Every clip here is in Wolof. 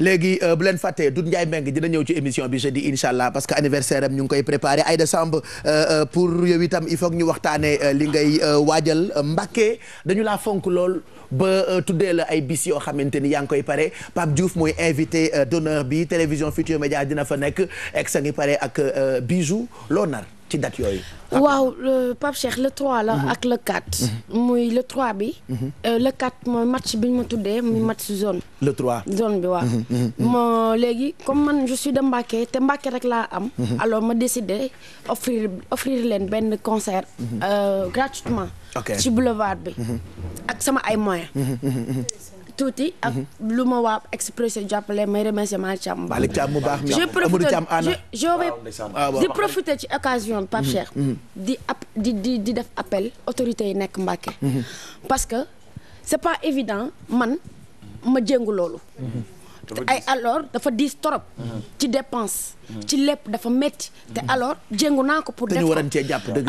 léegi euh, bu leen fàttee Doudou Ndiaye Mbengue dina ñëw ci émission bi jeudi incha allah parce que anniversaire am ñu ngi koy préparé ay décembre euh, euh, pour yow itam il faut ñu waxtaanee li ngay waajal Mbàkke dañu laa fonk lool ba tuddee la ay bis yoo xamante ni yaa ngi koy pare Pape Diouf mooy invité d'honneur bi télévision Futur Média dina fa nekk ex a ngi pare ak bijou loo nar ci yooyu. waaw euh, Pape Cheikh le trois la. Mhm. ak le 4. Mhm. muy le trois bi. Mhm. Euh, le 4 mooy match bi ñu ma tuddee muy match zone. le trois zone bi waaw. moo léegi comme man je suis de Mbacké te Mbacké rek laa am. alors ma décidé offrir leen benn concert. Euh, gratuitement. ci boulevard bi. ak sama ay moyens. tuuti. ak mhm. lu ma waa expressé jàppale may remercier Malick Thiam. Malick Thiam mu baax mi je profite je vais ah, ah, di profiter ci occasion Pape mhm. Cheikh. Mhm. di ap di di di def appel autorités yi nekk Mbacké. parce que c'est pas évident man ma jëng loolu. te ay alors dafa diis torop ci dépense. ci lépp dafa métti. te alors jëngu naa ko pour. def ko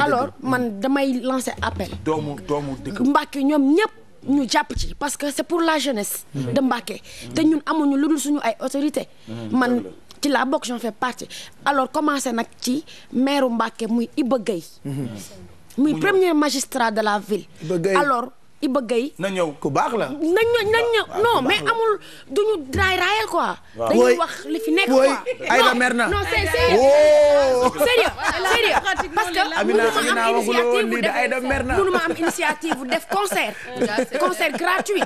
alors man damay lancer appel. doomu yi dëkk Mbacké ñoom ñëpp. ñu jàpp ci parce que c'est pour la jeunesse de Mbacké te ñun amuñu lu dul suñu ay autorité mhm, man ci la bokk j'en fais partie alors commencé nag ci maire Mbacké muy Iba Gueye mhm. muy premier magistrat de la ville alors Iba Gueye na ñëw ku baax la na ñëw na ñëw non wax li fi nekk ay la mer na sérieux pratique parce que mënu ma am initiative def mënu ma am def concert. concert gratuit.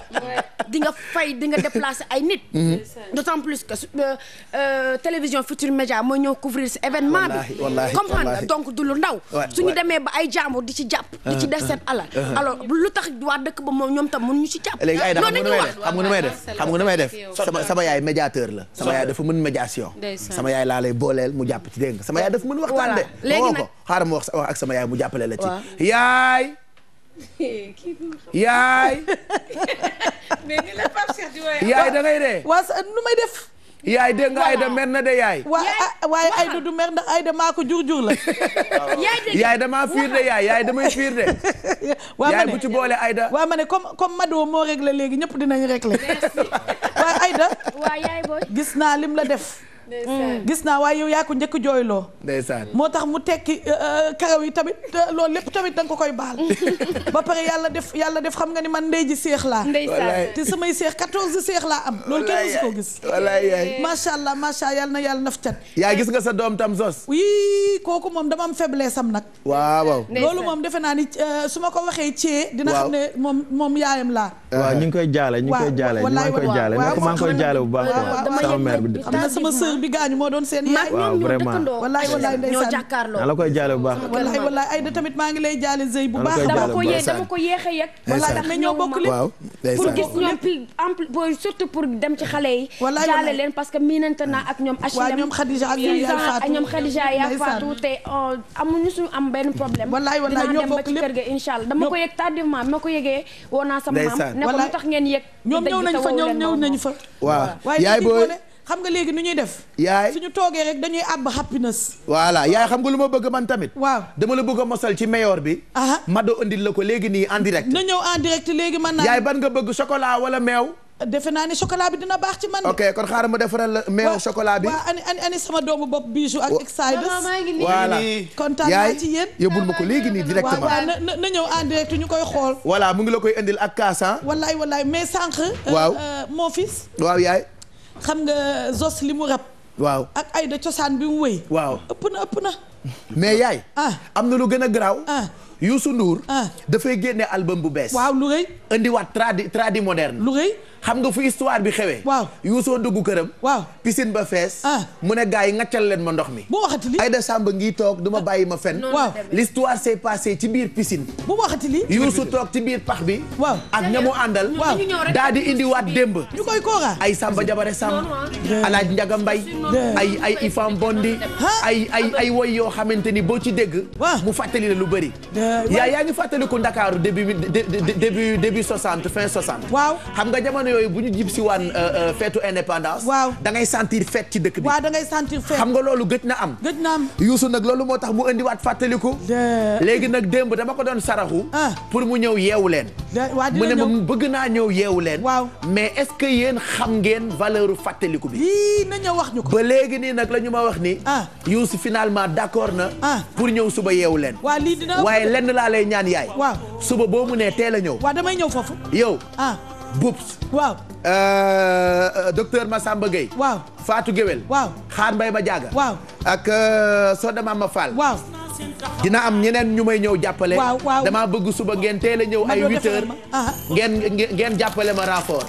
di nga fay di nga déplacer ay nit. Mm-hmm. d'autant plus que euh, euh, télévision Futur Média mooy ñëw couvrir si événement bi. comprendre donc du lu ndaw. su suñu demee ba ay jàmbur di ci jàpp. di ci def uh-huh. seen alal. Uh-huh. alors lu tax waa dëkk ba moom ñoom tam mënuñu ci jàpp. léegi ay dama xam nga nu may def xam nga nu may def sama sama yaay médiateur la. sama yaay dafa mën médiation. sama yaay laa lay booleel mu jàpp ci dégg sama yaay dafa mën xaaral ma wax wax yaay mu jàppale la ci. yaay. yaay. mais ni nu may def. yaay dégg Ayda mer de yaay. Ah, ah, waaye Ayda du mer ndax Ayda maa ko jur jur la. yaay damaa fiir de yaay bu ci boole Ayda. waa ma ne comme comme Mado moo réglé léegi ñëpp dinañ réglé. waaye Ayda. gis naa lim la def. gis naa waaye yow yaa ko njëkk jooyloo ndeysaan moo tax mu tekki euh, euh, karaw yi tamit loolu lépp tamit da ko koy baax ba pare yàlla def yàlla def xam nga ni man ndey ji seex laa te samay seex quatorze seex laa am loolu kenn su ko gis walaay eh. macha allah macha yàlla na yàlla naf cat yaa gis nga sa doom tam sos oui kooku moom dama am faiblesse am nag waaw waaw loolu moom defe naa ni euh, su ma ko waxee ci dina xam ne moom moom yaayam laa waaw ñu ngi koy jaale ñu ngi koy jaale ñu ngi koy jaale maa ngi koy baax sœur bi gaañu moo doon seen yaay waaw koy jaale bu baax wallaay wallaay ay da tamit maa ngi lay jaale zëy bu baax a naa ak ñoom faatu te oh, amuñu suñu am benn problème wallaay wallaay ñoo dama ko yëg tardivement ma ko yëgee woo maam ne ko lu tax ngeen yëg ñoom ñëw nañ fa ñoom ñëw nañ fa waaw yaay booy xam nga léegi nu ñuy def. yaay suñu toogee rek dañuy àbb happiness. voilà yaay xam nga lu ma bëgg man tamit. waaw dama la bëgg a mosal ci meilleur bi. ma indil la ko léegi nii en direct. na ñëw en direct léegi man naa. ban nga bëgg chocolat wala meew. defe naa ni chocolat bi dina baax ci man. kon xaaral ma defaral la meew chocolat bi. waaw ani ani doomu bopp bijou ak. excité voilà kontaan naa ci yéen. yóbbul ma ko léegi nii directement. na ñëw en ñu koy xool. voilà mu ngi la koy indil ak kaas. Ah. wallaay wallaay mais sànq. Euh, waaw euh, mon fils. waaw yaay. xam nga Zos li mu rab. waaw ak Aida cosaan bi mu wëy. waaw ëpp na ëpp na. mais yaay. ah am na lu gën a garaaw. ah Youssou Ndour. Ah. dafay génne album bu bees. waaw lu rëy. indiwaat tradi tradi moderne. lu rëy. xam nga fu histoire bi xewee. waaw Youssou dugg këram. waaw piscine ba fees. Ah. mu ne gars yi ngaccal leen ma ndox mi. bu waxati li Aïda Samba ngi toog du ma ah. bàyyi ma fen waaw l'histoire s'est passée ci biir piscine. bu waxati li Youssou toog ci biir pax bi. waaw ak ñamu àndal. waaw daa di indiwaat démb. ñu koy kooraa ay Samba Jabare Samb. alaaj Njaga Mbay ay ay Ifam Bondi. ay ay ay woy yoo xamante ni boo ci dégg. mu fàttali la lu bëri. Euh, yaa yaa ngi fàttaliku Ndakaaru début début début 60 fin 60. waaw xam nga jamono yooyu bu ñu jib si waan euh, euh, feetu indépendance. waaw da ngay sentir fête ci dëkk bi. waaw da ngay sentir fête xam nga loolu gëj na am. gëj na am nag loolu moo tax mu indiwaat fàttaliku. léegi nag demb dama ko doon saraxu. Ah. pour mu ñëw yeewu leen. mu ne ma bëgg naa ñëw yeewu leen. waaw mais est-ce que yéen xam ngeen valeur fàttaliku bi. yii na ñëw wax ñu ko. ba léegi nii nag la ñu ma wax ni. Ah. Youssou finalement d'accord na. Ah. pour ñëw suba yeewu leen. lenn laa lay ñaan yaay. waaw suba boo mu nee teel a ñëw. waa damay ñëw foofu. yow. ah Boubs. waaw. Euh, docteur Massamba Gueye. waaw faatu Guewel. waaw Xaar Mbay ma jaaga. waaw ak euh, Soda Mama Fall. waaw. dina am ñeneen ñu may ñëw jàppale. waaw waaw bëgg suba ngeen teel ñëw. ay huit heures ngeen jàppale ma rapport.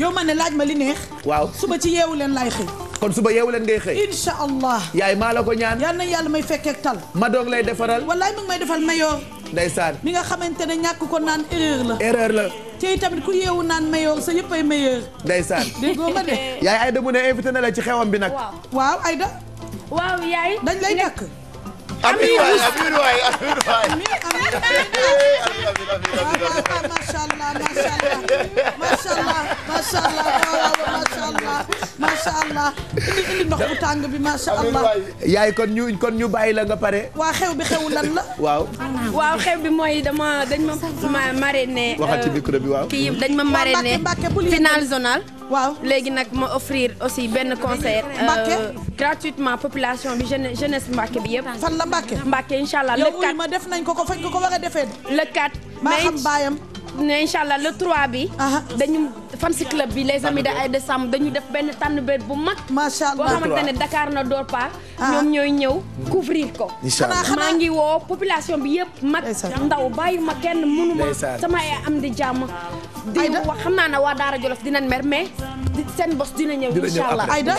yow ma ne laaj ma li neex. waaw suba ci yeewu leen laay xëy. kon suba yeewu leen ngay xëy incha allah yaay maa la ko ñaan yal nañ yàlla may fekkeek tal ma doog lay defaral wallaay mu ngi may defal mayoo ndeysaan mi nga xamante ne ñàkk ko naan erreur la erreur la te tamit ku yeewu naan meilleur sa yëppay meilleur. ndeysaan déggoo ma de. yaay Ayda mu ne invité na la ci xewam bi nag. waaw waaw Ayda. waaw yaay. dañ lay nekk. amiin waay amiin waay amiin waay. amiin amiin amiin amiin macha allah macha allah macha allah macha allah macha indi indi ndox bu bi macha allah. yaay kon ñu kon ñu bàyyi la nga pare. waa xew bi xew lan waaw. xew bi mooy dama dañ ma marraine. waxal ci micro bi waaw. kii dañ ma marraine finale zonal. waaw léegi nag ma offrir aussi benn concert. Euh, gratuitement population bi jeunesse Mbacke bi yëpp. fan la Mbacke. Mbacke incha allah le 4 yow ma def nañ ko ko fañ ko ko war a defee. le 4 mais maa xam baayam. ne incha allah le 3 bi. dañu fan si club bi les amis de Aïda dañu def benn tànn beet bu mag. macha allah boo xamante Dakar na door pa ñoom ñooy ñëw couvrir ko. incha allah maa ngi woo population bi yëpp mag. ndaw bàyyi ma kenn mënu ma sama ay am di jàmm. di wax xam naa ne waa Daara Jolof dinañ mer mais seen bos dina ñëw. incha allah Aïda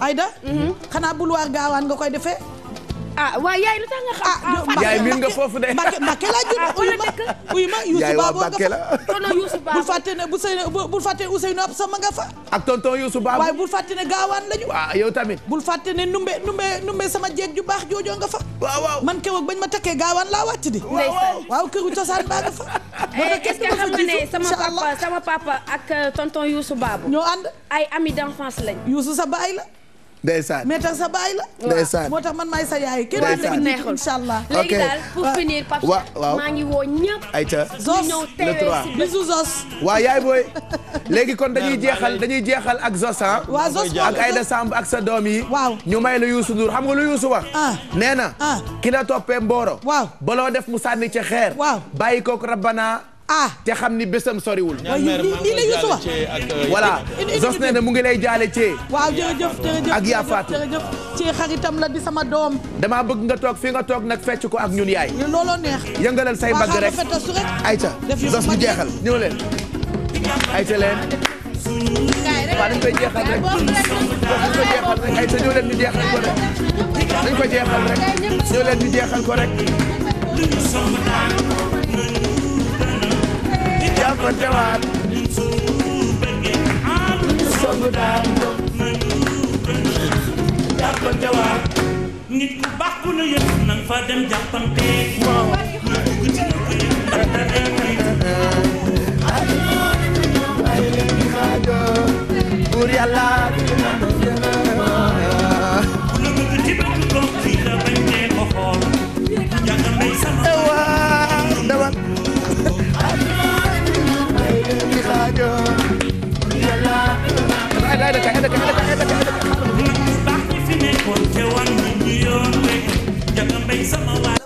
Aïda. Mhm. xanaa boulevard nga koy defee. ah waaye yaay lu tax nga xam. ah, ah yaay miin nga foofu de. Mbacke Mbacke laa uyu ah, ma uyu ma Youssou Ba boo nga fa. tonton Youssou Ba bul fàtte ne bu sëy bul fàtte ne Ousseynou Absa ma nga fa. ak tonton Youssou Ba waaye bul fàtte ne gaawaan lañu. waaw ah, yow tamit. bul fàtte ne numbe numbe numbe sama jeeg ju baax joojoo nga fa. waaw waaw man bañ ma takkee gaawaan laa wàcc di. waaw waaw këru cosaan baa nga fa. Eh, est-ce que sama papa sama papa ak euh, tonton Youssou Ba. ñoo ànd ay ami d'enfance lañ. Youssou sa baay la ndeysaan mais tax sa baay la. ndeysaan moo tax man maay sa yaay. ndeysaan kenn ku neexul incha allah. ok léegi daal pour ah. finir Pape waaw maa ngi woo ñëpp. ayca zos le trois bisu zos. waa yaay booy léegi kon dañuy jeexal dañuy jeexal ak zos ah. waaw zos ak Aïda Samb ak sa doom yi. waaw ñu may la Youssou Ndour xam nga lu Youssou wax. ah nee na. ah ki la toppee Mboro. waaw baloo def mu sànni ca xeer. waaw bàyyi kook rabbana ah te xam ni bésam soriwul. Euh, voilà Zos nee mu ngi lay jaale Thié. waaw jërëjëf jërëjëf ak yaa Fatou. Thié xaritam la di sama doom. damaa bëgg nga toog fi nga toog nag fecc ko ak ñun yaay. looloo neex. yëngalal say mbagg rek ayca Zos bu jeexal ñëw leen ayca leen. waaw dañ koy jeexal rek dañ koy jeexal rek ayca leen ñu jeexal ko rek. dañ leen ñu jeexal ko rek. yaa ko tewaat songu daan ko yaa ko tewaat nit ku baax ku la yëg nang fa dem jàppante waaw buur yàlla sama waay